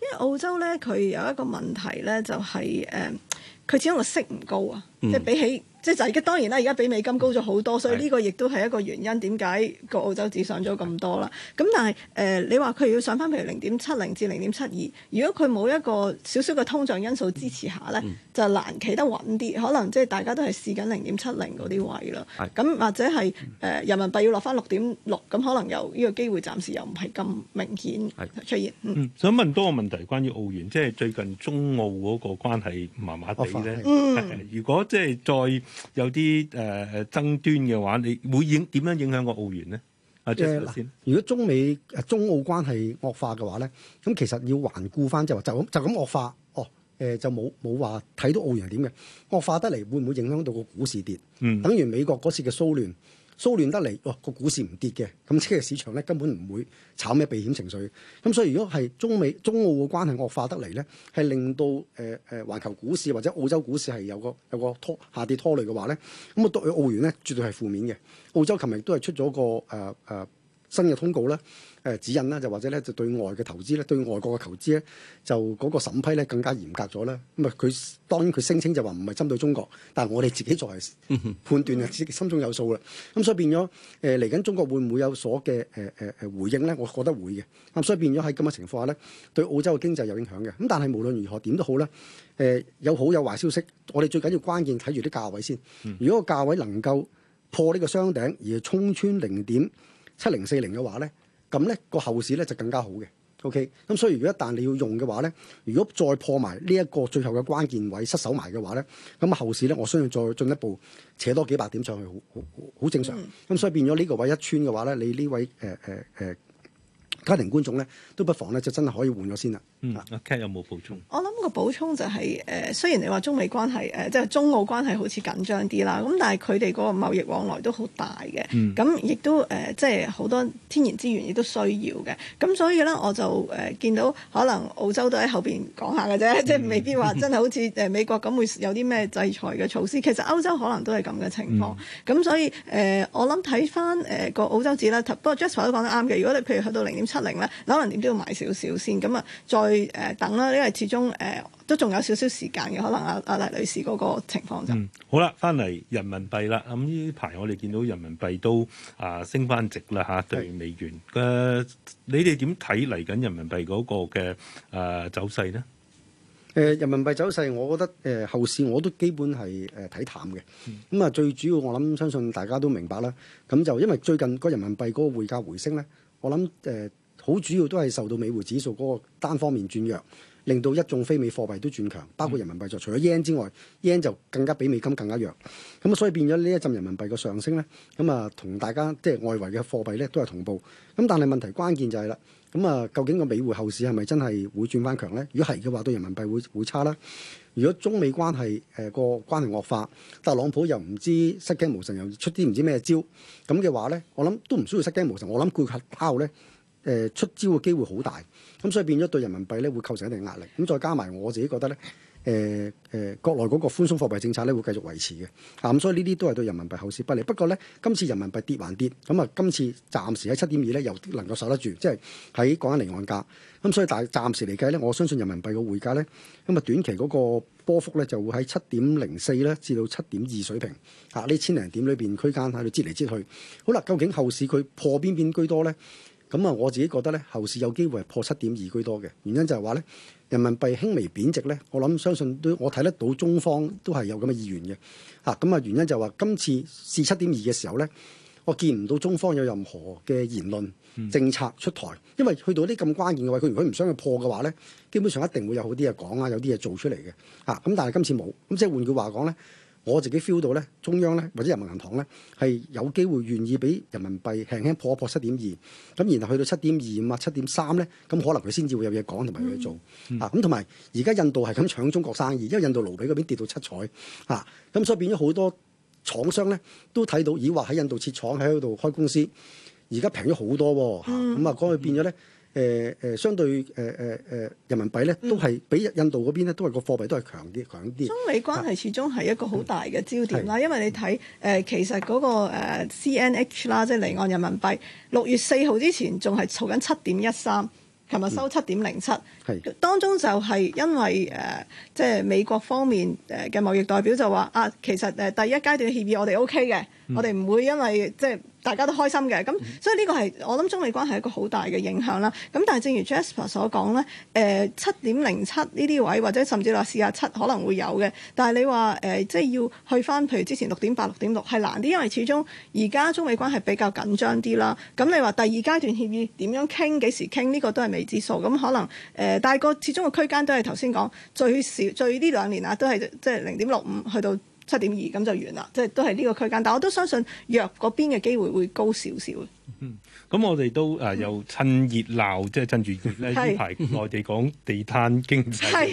因為澳洲咧，佢有一個問題咧，就係、是、誒，佢始終個息唔高啊。嗯、即係比起，即係就而家當然啦，而家比美金高咗好多，是所以呢個亦都係一個原因，點解個澳洲紙上咗咁多啦？咁是但係誒、呃，你話佢要上翻譬如零點七零至零點七二，如果佢冇一個少少嘅通脹因素支持下咧，嗯、就難企得穩啲，可能即係大家都係試緊零點七零嗰啲位啦。咁是或者係誒是、呃、人民幣要落翻六點六，咁可能有呢個機會暫時又唔係咁明顯出現。是嗯、想問多個問題關於澳元，即係最近中澳嗰個關係麻麻地咧。如果即係再有啲誒、呃、爭端嘅話，你會影點樣影響個澳元咧？阿 Joseph 先如果中美中澳關係惡化嘅話咧，咁其實要環顧翻就話就咁就咁惡化，哦誒、呃、就冇冇話睇到澳元係點嘅惡化得嚟會唔會影響到個股市跌？嗯，等於美國嗰時嘅騷亂。騷亂得嚟，哇個股市唔跌嘅，咁即係市場咧根本唔會炒咩避險情緒。咁所以如果係中美、中澳嘅關係惡化得嚟咧，係令到誒誒環球股市或者澳洲股市係有個有個拖下跌拖累嘅話咧，咁啊對澳元咧絕對係負面嘅。澳洲琴日都係出咗個誒誒，呃呃新嘅通告咧，誒、呃、指引啦，就或者咧，就對外嘅投資咧，對外國嘅投資咧，就嗰個審批咧更加嚴格咗啦。咁、嗯、啊，佢當然佢聲稱就話唔係針對中國，但係我哋自己作為判斷啊，自己心中有數啦。咁、嗯、所以變咗誒嚟緊，呃、中國會唔會有所嘅誒誒誒回應咧？我覺得會嘅。咁、嗯、所以變咗喺咁嘅情況下咧，對澳洲嘅經濟有影響嘅。咁但係無論如何，點都好咧，誒、呃、有好有壞消息。我哋最緊要關鍵睇住啲價位先。如果個價位能夠破呢個雙頂而係衝穿零點七零四零嘅話咧，咁、那、咧個後市咧就更加好嘅，OK。咁所以如果一旦你要用嘅話咧，如果再破埋呢一個最後嘅關鍵位，失守埋嘅話咧，咁、那個、後市咧我相信再進一步扯多幾百點上去，好好好正常。咁、嗯、所以變咗呢個位一穿嘅話咧，你呢位誒誒誒家庭觀眾咧，都不妨咧就真係可以換咗先啦。阿 Kay 有冇補充？我諗個補充就係、是、誒、呃，雖然你話中美關係誒、呃，即係中澳關係好似緊張啲啦，咁但係佢哋嗰個貿易往來都好大嘅，咁亦都誒、呃，即係好多天然資源亦都需要嘅，咁、嗯嗯呃、所以咧，我就誒、呃、見到可能澳洲都喺後邊講下嘅啫，嗯、即係未必話真係好似誒美國咁會有啲咩制裁嘅措施。嗯、其實歐洲可能都係咁嘅情況，咁所以誒，我諗睇翻誒個澳洲紙啦。不過 Jasper 都講得啱嘅。如果你譬如去到零點七零咧，可能點都要買少少先，咁啊再。去誒等啦，因為始終誒都仲有少少時間嘅，可能阿阿黎女士嗰個情況就。嗯，好啦，翻嚟人民幣啦，咁呢排我哋見到人民幣都升了了啊升翻值啦吓，對美元嘅的、啊，你哋點睇嚟緊人民幣嗰個嘅誒走勢呢？誒，人民幣走勢，我覺得誒後市我都基本係誒睇淡嘅。咁啊、嗯，最主要我諗，相信大家都明白啦。咁就因為最近個人民幣嗰個匯價回升咧，我諗誒。呃好主要都係受到美匯指數嗰個單方面轉弱，令到一眾非美貨幣都轉強，包括人民幣就除咗 yen 之外，yen 就更加比美金更加弱。咁啊，所以變咗呢一陣人民幣個上升咧，咁啊，同大家即係外圍嘅貨幣咧都係同步。咁但係問題關鍵就係、是、啦，咁啊，究竟個美匯後市係咪真係會轉翻強咧？如果係嘅話，對人民幣會會差啦。如果中美關係誒個關係惡化，特朗普又唔知失驚無神，又出啲唔知咩招咁嘅話咧，我諗都唔需要失驚無神。我諗顧客包咧。誒出招嘅機會好大，咁所以變咗對人民幣咧會構成一定壓力。咁再加埋我自己覺得咧，誒、呃、誒、呃、國內嗰個寬鬆貨幣政策咧會繼續維持嘅。啊、嗯，咁所以呢啲都係對人民幣後市不利。不過咧，今次人民幣跌還跌，咁、嗯、啊，今次暫時喺七點二咧又能夠守得住，即係喺港銀離岸價。咁、嗯、所以但暫時嚟計咧，我相信人民幣嘅匯價咧，咁、嗯、啊短期嗰個波幅咧就會喺七點零四咧至到七點二水平。啊、嗯，呢千零點裏邊區間喺度擠嚟擠去。好啦，究竟後市佢破邊邊居多咧？咁啊，我自己覺得咧，後市有機會係破七點二居多嘅原因就係話咧，人民幣輕微貶值咧，我諗相信都我睇得到中方都係有咁嘅意願嘅嚇。咁啊，啊，原因就係話今次試七點二嘅時候咧，我見唔到中方有任何嘅言論政策出台，因為去到啲咁關鍵嘅位，佢如果唔想去破嘅話咧，基本上一定會有好啲嘢講啊，有啲嘢做出嚟嘅嚇。咁但係今次冇咁，即係換句話講咧。我自己 feel 到咧，中央咧或者人民銀行咧係有機會願意俾人民幣輕輕破一破七點二，咁然後去到七點二五啊七點三咧，咁可能佢先至會有嘢講同埋去做、嗯、啊。咁同埋而家印度係咁搶中國生意，因為印度盧比嗰邊跌到七彩啊，咁所以變咗好多廠商咧都睇到，以話喺印度設廠喺度開公司，而家平咗好多喎。咁啊，講佢變咗咧。嗯嗯。誒誒、呃，相對誒誒誒人民幣咧，都係比印度嗰邊咧，都係個貨幣都係強啲強啲。中美關係始終係一個好大嘅焦點啦，嗯、因為你睇誒、嗯呃，其實嗰、嗰個 CNH 啦，呃、CN H，即係離岸人民幣，六月四號之前仲係做緊七點一三，琴日收七點零七。係當中就係因為誒、呃，即係美國方面誒嘅貿易代表就話啊，其實誒第一階段嘅協議我哋 O K 嘅，嗯、我哋唔會因為即係。大家都開心嘅，咁所以呢個係我諗中美關係一個好大嘅影響啦。咁但係正如 Jasper 所講咧，誒七點零七呢啲位或者甚至話四啊七可能會有嘅。但係你話誒、呃、即係要去翻，譬如之前六點八、六點六係難啲，因為始終而家中美關係比較緊張啲啦。咁你話第二階段協議點樣傾、幾時傾，呢、這個都係未知數。咁可能誒、呃，但係個始終個區間都係頭先講最少最呢兩年啊，都係即係零點六五去到。七點二咁就完啦，即係都係呢個區間。但我都相信弱嗰邊嘅機會會高少少。咁、嗯、我哋都誒、呃嗯、又趁熱鬧，即係趁住呢排內地講地攤經濟。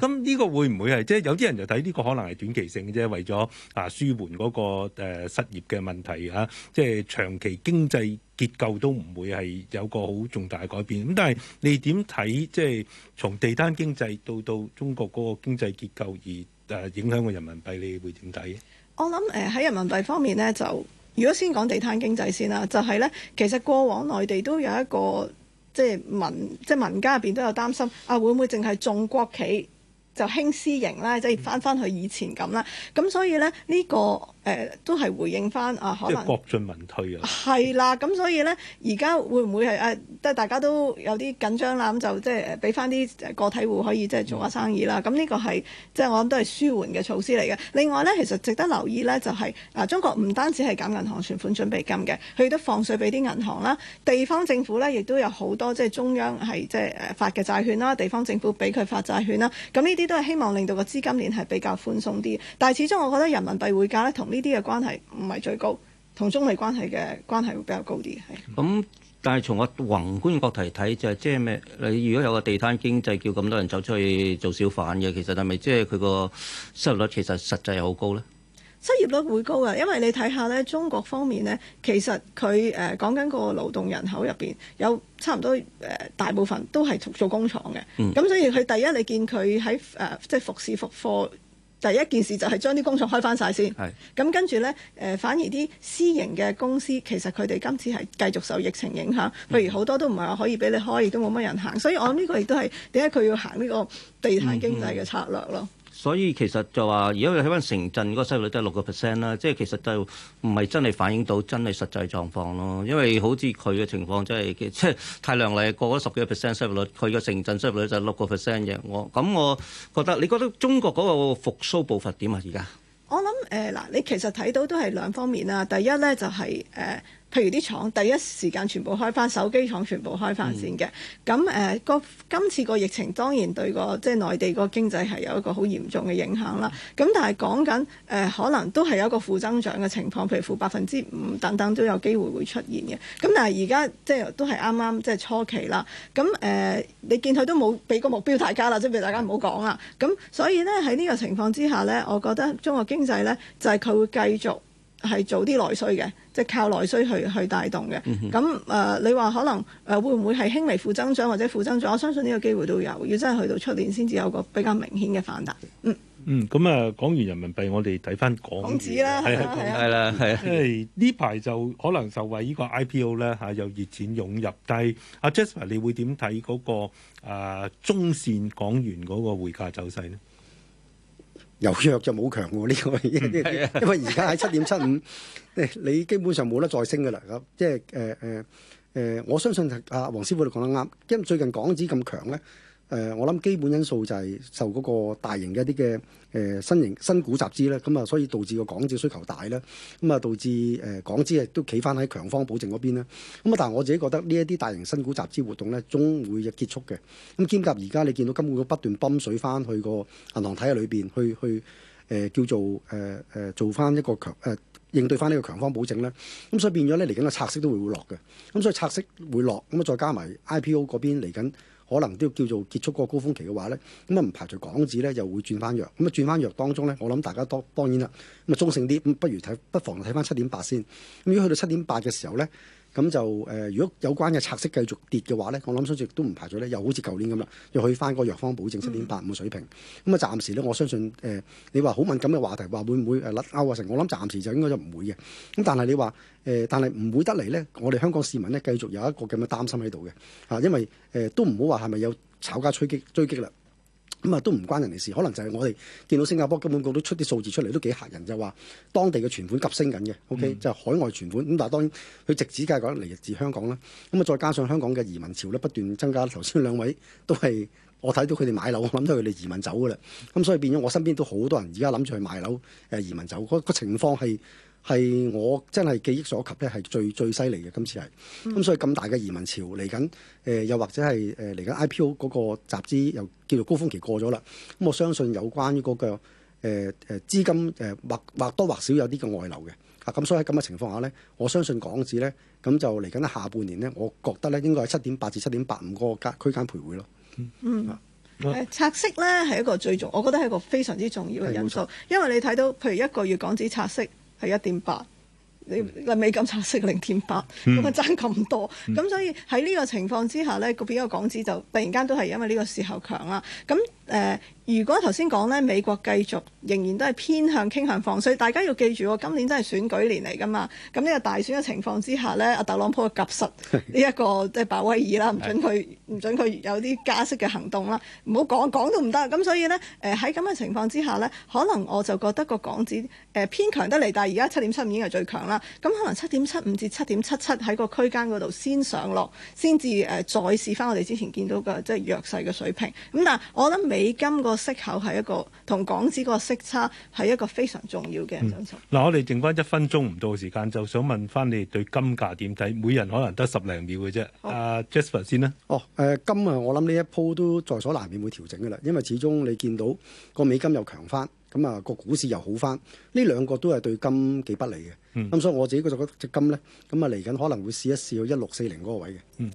咁呢 是個會唔會係即係有啲人就睇呢個可能係短期性嘅啫，為咗啊舒緩嗰、嗰個、呃、失業嘅問題啊。即係長期經濟結構都唔會係有個好重大改變。咁但係你點睇？即係從地攤經濟到到中國嗰個經濟結構而？誒、啊、影響個人民幣，你會點睇？我諗誒喺人民幣方面咧，就如果先講地攤經濟先啦，就係、是、咧，其實過往內地都有一個即係民即係民間入邊都有擔心啊，會唔會淨係重國企就輕私營啦，即係翻翻去以前咁啦？咁、嗯、所以咧呢、呢個。誒、呃、都係回應翻啊，可能即係國進民退啊，係啦，咁所以呢，而家會唔會係誒，即、呃、係大家都有啲緊張啦，咁就即係誒，俾翻啲個體戶可以即係做下生意啦。咁呢個係即係我諗都係舒緩嘅措施嚟嘅。另外呢，其實值得留意呢，就係、是、啊，中國唔單止係減銀行存款準備金嘅，佢都放水俾啲銀行啦，地方政府呢亦都有好多即係中央係即係發嘅債券啦，地方政府俾佢發債券啦。咁呢啲都係希望令到個資金鏈係比較寬鬆啲。但係始終我覺得人民幣匯價呢，同呢啲嘅關係唔係最高，同中美關係嘅關係會比較高啲。係咁、嗯，但係從我宏觀角度睇，就係、是、即係咩？你如果有個地攤經濟，叫咁多人走出去做小販嘅，其實係咪即係佢個失業率其實實際係好高咧？失業率會高呀，因為你睇下咧，中國方面咧，其實佢誒、呃、講緊個勞動人口入邊有差唔多誒、呃，大部分都係做工廠嘅。咁所以佢第一，你見佢喺誒即係服侍服貨。第一件事就係將啲工廠開翻晒先，咁跟住呢，誒、呃、反而啲私營嘅公司其實佢哋今次係繼續受疫情影響，譬如好多都唔係話可以俾你開，亦都冇乜人行，所以我諗呢個亦都係點解佢要行呢個地攤經濟嘅策略咯。嗯嗯所以其實就話，如果佢起翻城鎮嗰個失業率都係六個 percent 啦，即係其實就唔係真係反映到真係實際狀況咯，因為好似佢嘅情況真係即係太量例過咗十幾個 percent 失業率，佢嘅城鎮失業率就六個 percent 嘅。我咁，我覺得你覺得中國嗰個復甦步伐點啊？而家我諗誒嗱，你其實睇到都係兩方面啦。第一咧就係、是、誒。呃譬如啲廠第一時間全部開返，手機廠全部開返先嘅。咁誒個今次個疫情當然對個即係、就是、內地個經濟係有一個好嚴重嘅影響啦。咁、嗯、但係講緊誒可能都係有一個負增長嘅情況，譬如負百分之五等等都有機會會出現嘅。咁但係而家即係都係啱啱即係初期啦。咁誒、呃、你見佢都冇俾個目標大家啦，即係俾大家唔好講啦。咁所以呢，喺呢個情況之下呢，我覺得中國經濟呢，就係、是、佢會繼續。係早啲內需嘅，即係靠內需去去帶動嘅。咁誒、嗯哼呃，你話可能誒、呃、會唔會係輕微負增長或者負增長？我相信呢個機會都有。要真係去到出年先至有個比較明顯嘅反彈。嗯嗯，咁啊，講完人民幣我哋睇翻港紙啦，係係啦，係。呢排、啊 hey, 就可能受惠呢個 IPO 咧嚇有熱錢湧入，低。阿 Jasper 你會點睇嗰個中線港元嗰個匯價走勢呢？有弱就冇強喎，呢 個因為而家喺七點七五，你基本上冇得再升噶啦咁，即係誒誒誒，我相信阿黃師傅你講得啱，因為最近港紙咁強咧。誒、呃，我諗基本因素就係受嗰個大型嘅一啲嘅誒新型新股集資咧，咁、嗯、啊，所以導致個港紙需求大啦，咁、嗯、啊，導致誒、呃、港資亦都企翻喺強方保證嗰邊咧。咁、嗯、啊，但係我自己覺得呢一啲大型新股集資活動咧，總會結束嘅。咁兼夾而家你見到金管局不斷泵水翻去個銀行體系裏邊，去去誒、呃、叫做誒誒、呃、做翻一個強誒、呃、應對翻呢個強方保證咧。咁、嗯、所以變咗咧嚟緊個拆息都會會落嘅。咁、嗯、所以拆息會落，咁、嗯、啊再加埋 IPO 嗰邊嚟緊。可能都要叫做結束個高峰期嘅話呢，咁啊唔排除港紙呢又會轉翻弱，咁啊轉翻弱當中呢，我諗大家當當然啦，咁啊中性啲，咁不如睇不妨睇翻七點八先。咁如果去到七點八嘅時候呢？咁就誒、呃，如果有關嘅拆息繼續跌嘅話咧，我諗相信都唔排除咧，又好似舊年咁啦，要去翻個藥方保證七點八五嘅水平。咁啊、嗯，暫時咧，我相信誒、呃，你話好敏感嘅話題，話會唔會甩鈎啊？成、呃、我諗暫時就應該就唔會嘅。咁但係你話誒、呃，但係唔會得嚟咧，我哋香港市民咧繼續有一個咁嘅擔心喺度嘅。啊，因為誒、呃、都唔好話係咪有炒家狙擊追擊追擊啦。咁啊，都唔關人哋事，可能就係我哋見到新加坡根本局都出啲數字出嚟，都幾嚇人，就話當地嘅存款急升緊嘅。OK、嗯、就係海外存款。咁但係當然，佢直指嘅講嚟自香港啦。咁啊，再加上香港嘅移民潮咧不斷增加。頭先兩位都係我睇到佢哋買樓，我諗到佢哋移民走嘅啦。咁所以變咗，我身邊都好多人而家諗住去買樓，誒移民走。嗰、那個情況係。係我真係記憶所及咧，係最最犀利嘅今次係。咁所以咁大嘅移民潮嚟緊，誒、呃、又或者係誒嚟緊 IPO 嗰個集資又叫做高峰期過咗啦。咁我相信有關於嗰、那個誒誒、呃、資金誒或、呃、或多或少有啲嘅外流嘅。啊咁，所以喺咁嘅情況下咧，我相信港紙咧咁就嚟緊下，下半年咧，我覺得咧應該係七點八至七點八五嗰個區間徘徊咯。嗯，誒、呃、拆息咧係一個最重，我覺得係一個非常之重要嘅因素，因為你睇到譬如一個月港紙拆息。係一點八，你、mm. 美金 8, 就差息零點八，咁啊爭咁多，咁、mm. 所以喺呢個情況之下咧，個變咗港紙就突然間都係因為呢個時候強啦，咁。誒，如果頭先講咧，美國繼續仍然都係偏向傾向防水。大家要記住，今年真係選舉年嚟㗎嘛。咁呢個大選嘅情況之下呢，阿特朗普夾實呢一個即係鮑威爾啦，唔准佢唔 准佢有啲加息嘅行動啦，唔好講講都唔得。咁所以呢，誒喺咁嘅情況之下呢，可能我就覺得個港紙誒偏強得嚟，但係而家七點七五已經係最強啦。咁可能七點七五至七點七七喺個區間嗰度先上落，先至誒再試返我哋之前見到嘅即係弱勢嘅水平。咁但係我諗美美金個息口係一個同港紙個息差係一個非常重要嘅因素。嗱、嗯，我哋剩翻一分鐘唔到時間，就想問翻你哋對金價點睇？每人可能得十零秒嘅啫。阿好、uh, Jasper 先啦。哦，誒、呃，金啊，我諗呢一鋪都在所難免會調整噶啦，因為始終你見到個美金又強翻。咁啊，個、嗯、股市又好翻，呢兩個都係對金幾不利嘅。咁、嗯嗯、所以我自己覺得隻金咧，咁啊嚟緊可能會試一試去一六四零嗰個位嘅。嗯，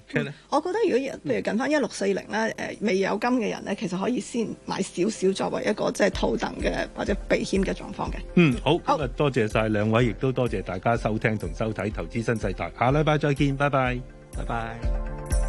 我覺得如果譬如近翻一六四零咧，誒未有金嘅人咧，其實可以先買少少作為一個即係套戥嘅或者避險嘅狀況嘅。嗯，好咁啊，今日多謝晒兩位，亦都多謝大家收聽同收睇《投資新世代》，下禮拜再見，拜拜，拜拜。